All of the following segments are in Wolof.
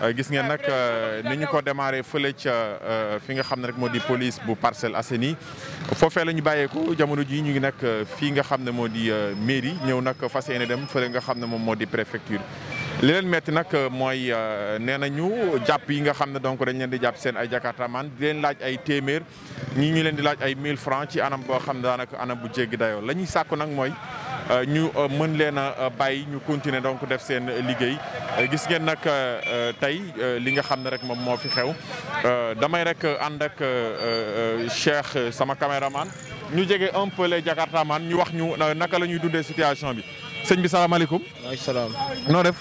Euh, gis ngeen nag euh, ni ñu ko démarré fële ca euh, fi nga xam ne rek moo di police bu Parcelles Assainies foofee la ñu bàyyeeku jamono jii ñu ngi nag fii nga xam ne moo di mairie ñëw nag fas yéene dem fële nga xam ne moom moo di préfecture. li leen metti nag mooy nee ñu jàpp yi nga xam ne donc dañ leen di jàpp seen ay jakartaman di leen laaj ay téeméer ñi ñu leen di laaj ay mille francs ci anam boo xam ne daanaka anam bu jéggi dayoo la ñuy sàkku nag mooy. Euh, ñu euh, mën leen a euh, bàyyi ñu continuer donc def seen liggéey gis ngeen nag tey li nga xam ne rek moom moo fi xew damay rek ànd ak Cheikh sama caméraman ñu jege un peu les ñu wax ñu naka la ñuy dundee situation bi sëñ bi salaamaaleykum. waaleykum salaam. noo def.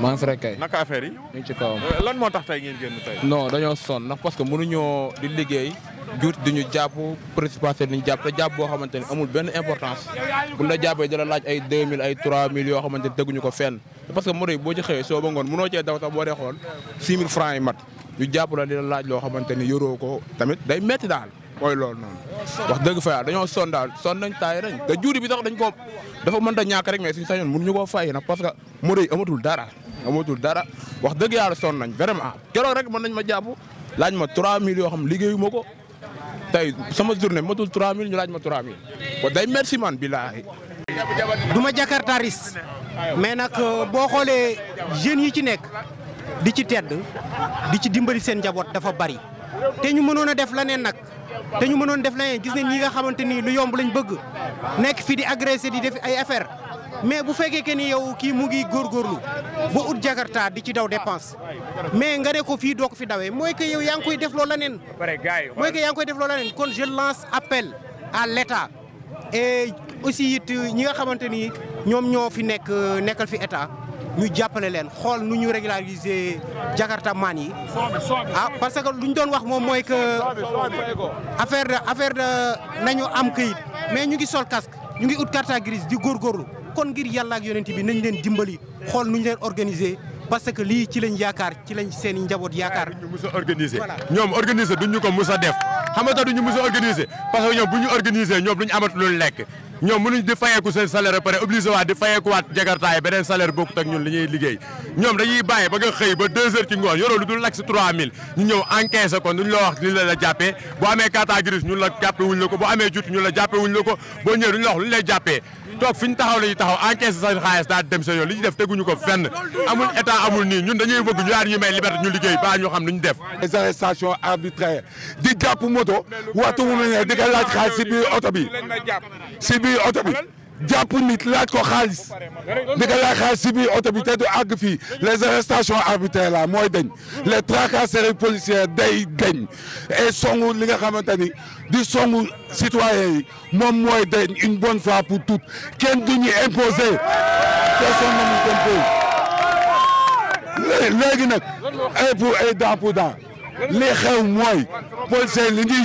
maa ngi fi rek kay. naka affaire yi. ñu ngi ci kawam. lan moo tax tey ngeen génn tey. no dañoo son ndax parce que mënuñoo di liggéey. jur du jàpp précipité duñu jàpp te jàpp boo xamante ne amul benn importance bu la jàppee dala laaj ay 2000 ay 3000 yoo xamante ne teguñu ko fenn parce que moto yi boo ci xëyee soo ba ngoon mënoo cee daw tax boo dee xool 6000 mat ñu jàpp la di la laaj loo xamante ni yoroo ko tamit day met daal mooy loolu noonu wax dëgg fa dañoo son daal son nañ taay nañ te juuri bi sax dañ ko dafa man ta ñàkk rek mais suñu sañoon mënuñu koo fay nag parce que moto yi amatul dara amatul dara wax dëgg yàlla son nañ vraiment keroog rek mën nañ ma jàpp laaj ma 3000 yoo xam liggéeyu ma ko tey sama journée matul 3000 ñu laaj ma 3000 kon day merci man billaahi. du ma jakartaris mais nag euh, boo xoolee jeunes yi ci nekk di ci tedd di ci dimbali seen njaboot dafa bari te ñu mënoon a def neen nag te ñu mënoon def leneen gis nañ ñi nga xamante ni lu yomb lañ bëgg nekk fi di agressé di def ay affaire mais bu fekkee que ni yow kii mu ngi góor góorgóorlu ba ut jakarta di ci daw dépense mais nga ne ko fii doo ko fi dawee mooy que yow yaa koy def loola neen mooy que yaa ngi koy def loola neen kon je lance appel à l'état et aussi it ñi nga xamante ni ñoom ñoo fi nekk nekkal fi état ñu jàppale leen xool nu ñu régulariser jakarta maan yi ah parce que lu ñu doon wax moom mooy que affaire de affaire de nañu am kayit mais ñu ngi sol casque ñu ngi ut carte grise di góorgóorlu kon ngir yàlla ak yonent bi nañ leen dimbali xool nu ñu leen organiser parce que lii ci lañ yaakaar ci lañ seen njaboot yaakaar. a ñoom organiser duñ ñu ko mus def xam nga ñu mus a parce que ñoom bu ñu organiser ñoom duñ amat lu lekk ñoom mënuñ di fayeeku seen salaire ba pare obligé waat di fayeeku waat jagartaay beneen salaire bokkut ak ñun li liggéey ñoom dañuy bàyyi ba nga xëy ba 2 heures ci ngoon yoroo lu dul lakk si 3000 toog fi ñu taxaw la ñuy taxaw encaisse sa xaalis daal dem sa yoon li ñu def teguñu ko fenn amul état amul nii ñun dañuy bëgg ñu daal ñu may liberté ñu liggéey ba ñu xam lu ñu def les arrestations arbitraires di jàpp moto waxtu mu ne di ko laaj xaalis si oto bi si oto bi arrestations nit les ko policiers, bi les arrestations arbitraires la tracas les tracasseries policières day les et songu li nga policiers, les songu citoyens yi policiers, une bonne fois pour tout, Ken du ñu imposer personne ne pour ay xew policiers li ñuy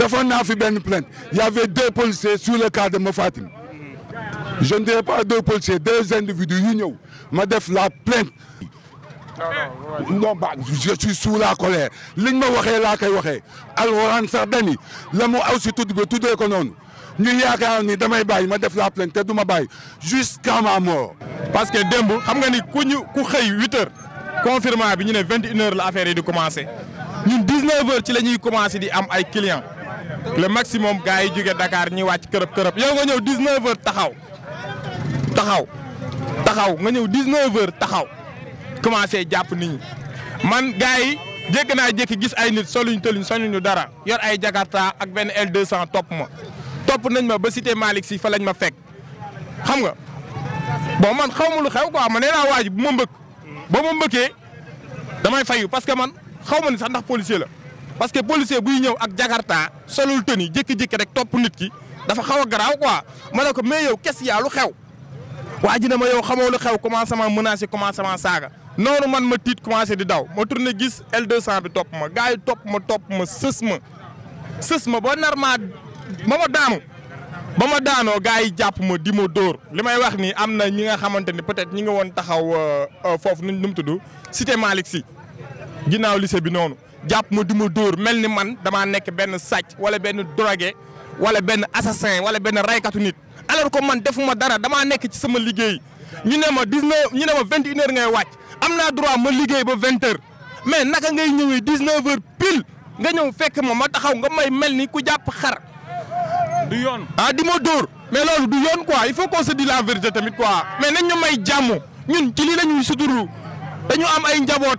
Il na fi plainte y avait deux policiers sur le cas de Mofatim. je ne dirais pas deux policiers deux individus yu ñëw ma def la plainte. non bah, je suis sous la colère liñ ma la laa koy waxee alxuraan sax dani la mu tout si tudd ba tuddee ko noonu ñu yaakaar ni damay bàyyi ma def la plainte te du jusqu'à ma mort. parce que Dembo, xam nga ni ku ku huit heures confirmation bi ñu ne heures l'affaire affaire yi di commencé ñun 19 heures ci la commencé di am ay clients. le maximum gars yi jóge dakaar ñi wàcc kërëb kërëb yow nga ñëw 19h taxaw taxaw taxaw nga ñëw 19h taxaw commencé jàpp nit ñi man gars yi jékk naa jékki gis ay nit soluñ tëluñ ñu dara yor ay Jakarta ak benn L200 topp ma topp nañ ma ba cité Malick si fa lañ ma fekk xam nga boo man xaw ma lu xew quoi ma nee naa waaj bu ma mbëkk ba ma mbëkkee damay fayu parce que man xaw ma ni sax ndax policier la. parce que policier buy ñëw ak jakarta solul tëni jékki-jékki rek topp nit ki dafa xaw a garaaw quoi ma ne ko mais yow kes yaa lu xew waa ji ne ma yow xamoo lu xew commencé ma menacé commencé ma saaga noonu man ma tiit commencé di daw ma tourné gis L200 bi topp ma gars yi topp ma topp ma sës ma sës ma ba nar maa ba ma daanu ba ma daanoo gars yi jàpp ma di ma dóor li may wax nii am na ñi nga xamante ni peut-être ñi nga woon taxaw euh, euh, foofu nu mu tudd cité Malick si ginnaaw lycée bi noonu jàpp ma du ma dóor mel ni man damaa nekk benn sàcc wala benn drogué wala benn assassin wala benn raykatu nit alors que man defuma dara damaa nekk ci sama liggéey ñu ne ma dix-neuf ñu ne ma vingt et ngay wàcc am naa droit ma liggéey ba vingt heures mais naka ngay ñëwee dix-neuf heures nga ñëw fekk ma ma taxaw nga may mel ni ku jàpp xar. du yoon ah di ma dóor. mais loolu du yoon quoi il faut qu'on se dise la vérité tamit quoi mais nañ ñu may jàmm ñun ci lii la ñuy suturu dañu am ay njaboot.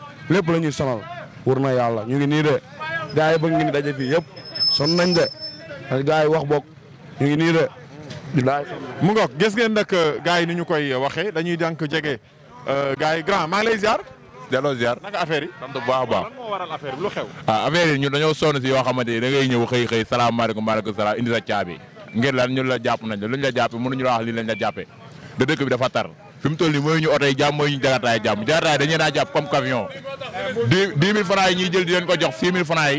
lépp la ñuy sonal wër na yàlla ñu ngi nii de gars yi bëgg ngi ni daje fii yëpp son nañ de ak wax bokk ñu ngi nii de. mu ngoog gis ngeen nag euh, gars yi ni ñu koy waxee dañuy janq jege euh, gars yi grand maa ngi lay ziar. delloo ziar naka affaire yi. sant bu baax a baax lan moo waral affaire bi lu xew. ah affaire yi dañoo sonn si yoo xamante ni ñëw xëy xëy salaamaaleykum maaleykum salaam indi sa caabi ngir lan ñun la jàpp nañ lu la luñ la jàppee mënuñu la wax lii lañ la jàppee da dëkk bi dafa tar fi mu toll nii mooy ñu oto yi jàmm mooy ñu jagataay jàmm jagataay dañu leen a jàpp comme camion dix dix mille jël di leen ko jox six mille francs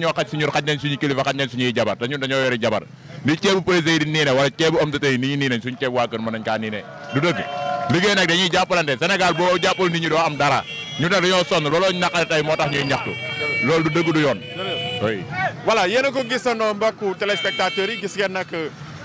yi xaj suñu xaj nañ suñu kilifa xaj nañ suñuy jabar te ñun dañoo jabar ni ceebu président yi di nii ne wala ceebu am tey nii nii suñu ceebu waa kër mën nañ kaa du dëgg liggéey nag dañuy jàppalante Sénégal boo jàppal nit ñi doo am dara ñu nag dañoo sonn du dëgg du yoon oui voilà a ko gis ngeen nag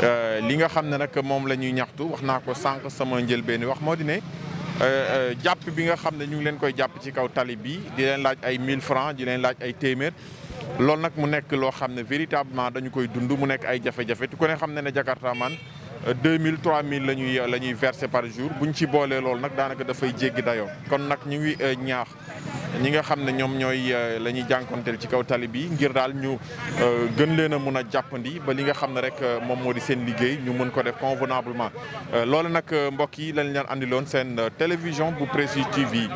Euh, li nga xam ne nag moom la ñuy ñaxtu wax naa ko sànq sama njëlbéen wax moo di ne euh, euh, jàpp bi nga xam ne ñu ngi leen koy jàpp ci kaw tali bi di leen laaj ay mille francs di leen laaj ay téeméer loolu nag mu nekk loo xam ne véritablement dañu koy dund mu nekk ay jafe-jafe tu ko ne xam ne ne Jakarta man 2000 mille la ñuy la ñuy verser par jour bu ñu ci boolee loolu nag daanaka dafay jéggi dayoo kon nag ñu ngi ñaax. ñi nga xam ne ñoom ñooy euh, la ñuy jànkonteel ci kaw tali bi ngir daal ñu euh, gën leen a mun a jàppandi ba li nga xam ne rek euh, moom moo di seen liggéey ñu mën ko def convenablement loolu nag mbokk yi lañ leen andiloon seen télévision bu précis TV.